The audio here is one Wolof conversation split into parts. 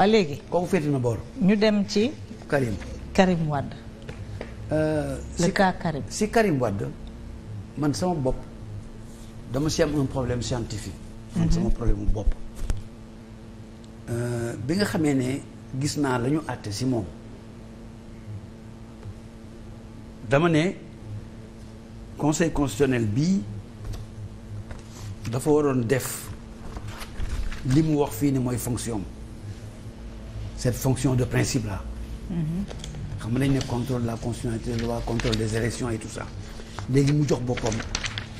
waa léegi. kooku féete na boor. ñu dem ci. Karim Karim Wade. Euh, le cas Karim si Karim Wade man sama bopp dama si am un problème scientifique. man mhm. sama problème mu bopp. Euh, bi nga xamee ne gis naa la ñu àtte si moom dama ne conseil constitutionnel bi dafa waroon def li mu wax fii ni mooy fonction cette fonction de principe là. Mhm. xam nañ ne contrôle de la constitutionnalité de loi contrôle des élections et tout ça léegi mu jox boppam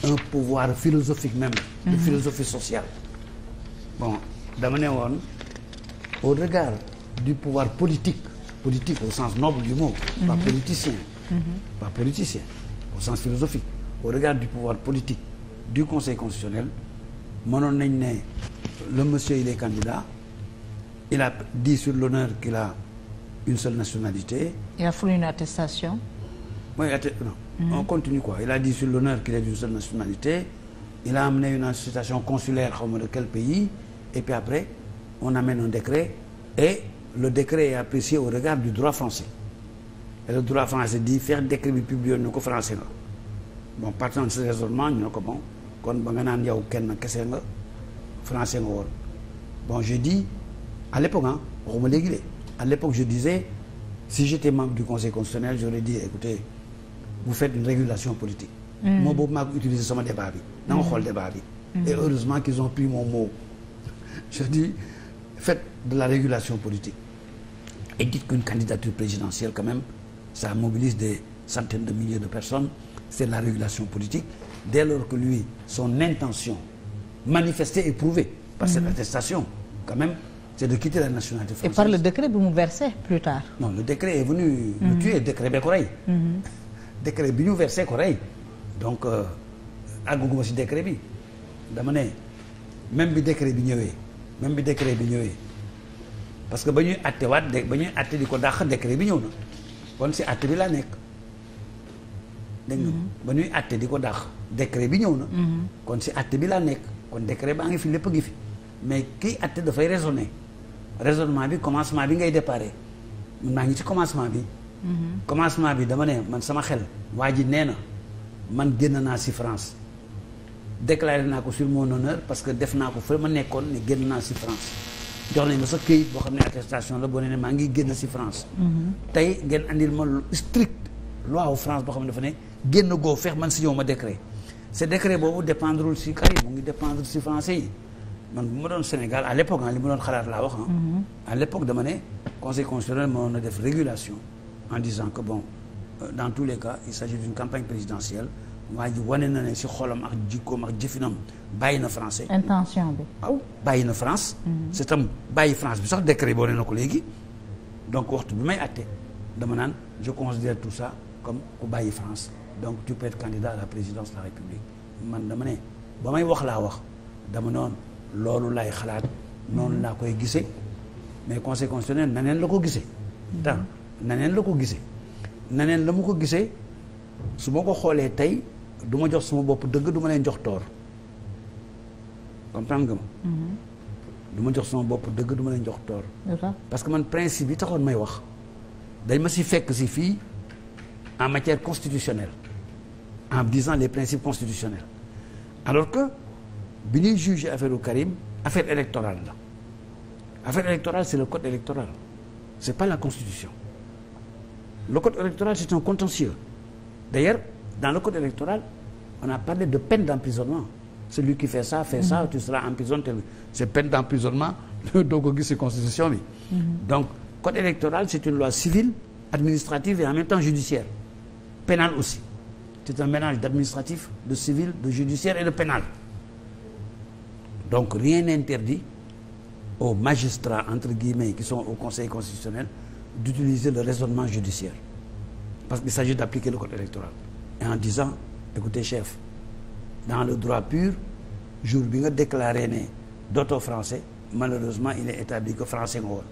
un pouvoir philosophique même. de mhm. philosophie sociale. bon dama ne woon au regard du pouvoir politique politique au sens noble du mot. Mhm. pas politicien. pas politicien au sens philosophique au regard du pouvoir politique du conseil constitutionnel mënoon nañ ne le monsieur il est candidat. il a dit sur l'honneur qu'il a une seule nationalité. la a fourni une attestation. mooy oui, atte non. Mm. on continue quoi il a dit sur l'honneur qu'il est d'une seule nationalité il a amené une attestation consulaire xaw ma de quel pays et puis après on amène un décret et le décret est apprécié au regard du droit français et le droit français dit faire décret bi publié na ko français nga bon partant de ce raisonnement ñu ne ko bon kon ba nga naan yow kenn kese nga français nga à l'époque ah waxuma léegi de à l'époque je disais si j'étais membre du conseil constitutionnel j'aurais dit écoutez vous faites une régulation politique moo boobu maa ko utiliser sama débat bi na nga xool débat bi et heureusement qu'ils ont pris mon mot je dis faites de la régulation politique et dites qu'une candidature présidentielle quand même ça mobilise des centaines de milliers de personnes c'est de la régulation politique dès lors que lui son intention manifestée et prouvée c'est de quitter la nationalité française. Et par le décret bi mu versé plus tard. non le décret est venu. Mm -hmm. bee ko rey. décret bi ñu versé ko rey. donc euh, àgguguma si décret bi dama ne même bi décret bi ñëwee même bi décret bi ñëwee parce que ba ñuy àtte waat de ba ñuy àtte di ko dàq décret bi ñëw na kon si àtte bi laa nekk. Mhm. ko dàq décret bi ñëw na. Mhm. kon si àtte bi laa nekk kon décret baa ngi fi lépp ngi fi mais kiy àtte dafay raisonner. raisonnement bi commencement bi ngay déparé man maa ngi ci commencement bi. Mhm. commencement bi dama ne man sama xel. waa ji nee na man génn naa si France déclaré naa ko sur mon honneur parce que def naa ko fa ma nekkoon ne génn naa si France jox nañ ma sa këyit boo xam ne attestation la boo nee ne maa ngi génn si France. Mhm. tey ngeen andil ma strict loi wu France boo xam ne dafa ne génn goo feex man si ñëw ma décret. ce décret boobu dépendrul si Karim mu ngi dépendre si man bu ma doon Sénégal à l'époque ah li ma doon xalaat laa wax ah. à l'époque dama ne conseil constitutionnel moo na def régulation en disant que bon euh, dans tous les cas il s'agit d'une campagne présidentielle waa ji wane na ne si xolam ak jikkoom ak jëfinam bàyyi na france intention bi. waaw bàyyi na France. Mm-hmm. c'est tam bàyyi France bi sax décret boo nee na ko léegi donc waxtu bi may àtte dama naan je considère tout ça comme ku bàyyi France donc tu peux être candidat à la la man dama may wax laa wax dama noonu. loolu lay xalaat noonu laa koy gisee mais conseil constitutionnel naneen la ko gise tax naneen la ko gisee naneen la mu ko gisee su ma ko xoolee tey du ma jox suma bopp dëgg du ma leen jox toor comprendre nga ma mm-hmm. ma jox suma bopp dëgg du ma jox toor parce que man principe yi taxoon may wax dañ ma si fekk si fii en matière constitutionnelle en disant les principes constitutionnels bi ñuy juge affaire u Karim affaire électorale la affaire électorale c'est le code électoral c'est pas la constitution le code un contentieux d'ailleurs dans le code électoral on a parlé de peine d'emprisonnement celui qui fait ça fait ça tu seras emprisonné c'est peine d'emprisonnement doo ko gis ci constitution mm-hmm. donc code électoral c'est une loi civile administrative et en même temps judiciaire pénale aussi c'est un mélange d'administratif de civil de judiciaire et de pénal donc rien n'interdit au magistrat entre guillemets qui sont au conseil constitutionnel d'utiliser le raisonnement judiciaire parce qu'il s'agit d'appliquer le code électoral et en disant écoutez chef dans le droit pur jour bi nga déclaré ne dootoo français malheureusement il est établi ko français nga woon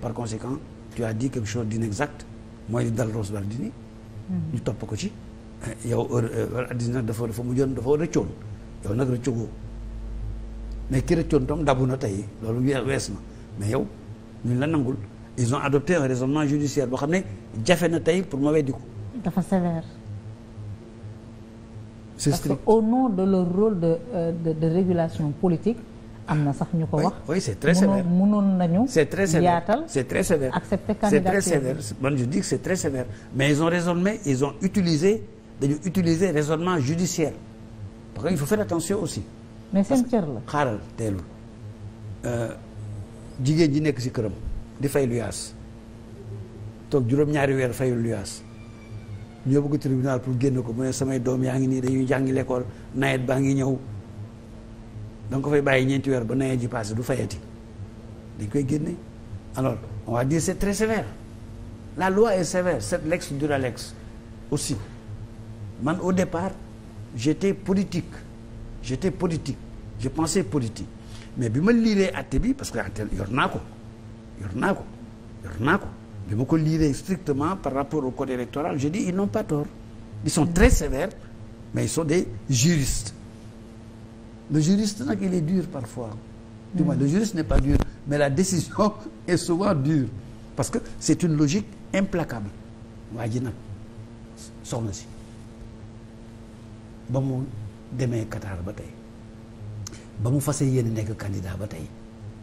par conséquent tu as dit quelque chose d'inexact mooy li dal Rose Wardini hmm. ñu topp ko ci eh, yow heure euh, dina dafa dafa mujjoon dafa rëccoon yow nag rëccogoo mais ki rëccoon tam dabu na tey loolu wees na mais yow ñun la nangul ils ont adopté un raisonnement judiciaire boo xam ne jafe na tey pour ma di ko. dafa sévère. c'est au nom de leur rôle de euh, de, de régulation am na sax ñu ko wax oui c'est très sévère mënoon nañu. c'est très sévère yaatal c'est très sévère accepter candidature c'est très sévère man je dis que c'est très sévère mais ils ont raisonné ils ont utilisé dañu utiliser raisonnement judiciaire parce que il faut faire attention aussi. mais seen cër la xaaral teelul euh, jigéen ji nekk si këram di fay luyaas toog juróom-ñaari weer fayul luyaas ñoo bëgg tribunal pour génn ko mu ne samay doom yaa ngi nii dañuy jàngi l'école nawet baa ngi ñëw danga ko fay bàyyi ñeenti weer ba nawet ji passé du fayati dañ koy génne alors on va dire c'est très sévère la loi est sévère cette lex dura lex aussi man au de départ j'étais politique j'étais politique je pensais politique mais bi ma liiree atte bi parce que atte yor naa ko yor naa ko yor naa ko bi ma ko liiree strictement par rapport au code électoral je dis ils n'ont pas tort ils sont très sévères mais ils sont des juristes le juriste nag il est dur parfois du moins mm. le n'est pas dur mais la décision est souvent dure parce que c'est une logique implacable waa si demee Qatar ba tey ba mu fasee yéen nekk candidat ba tey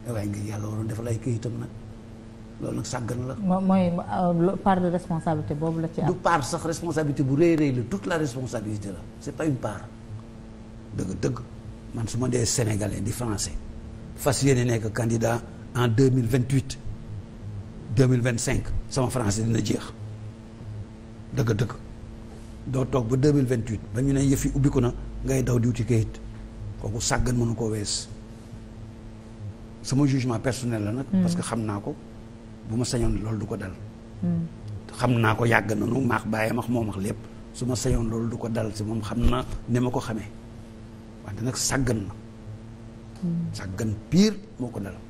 waaye ngir yàlla waroon defal ay këyitam nag loolu nag sàggan la. mooy euh, part de responsabilité boobu la ci am. du part sax bu rëy rëy la toute la responsabilité la c'est pas une part dëgg dëgg man su ma dee sénégalais di français fas yéene nekk candidat en deux mille vingt huit deux mille vingt cinq sama français dina jeex dëgg dëgg doo toog ba deux mille vingt huit ba ñu ne yëf ubbiku na. ngay daw diw ci kayit kooku sàggan mënu koo wees sama jugement personnel la nag. parce que xam naa ko bu ma sañoon loolu du ko dal. xam naa ko yàgg na nu maax bàyyam ak moom ak lépp su ma sañoon loolu du ko dal si moom xam na ne ma ko xamee wante nag sàggan na. sàggan pire moo ko dal.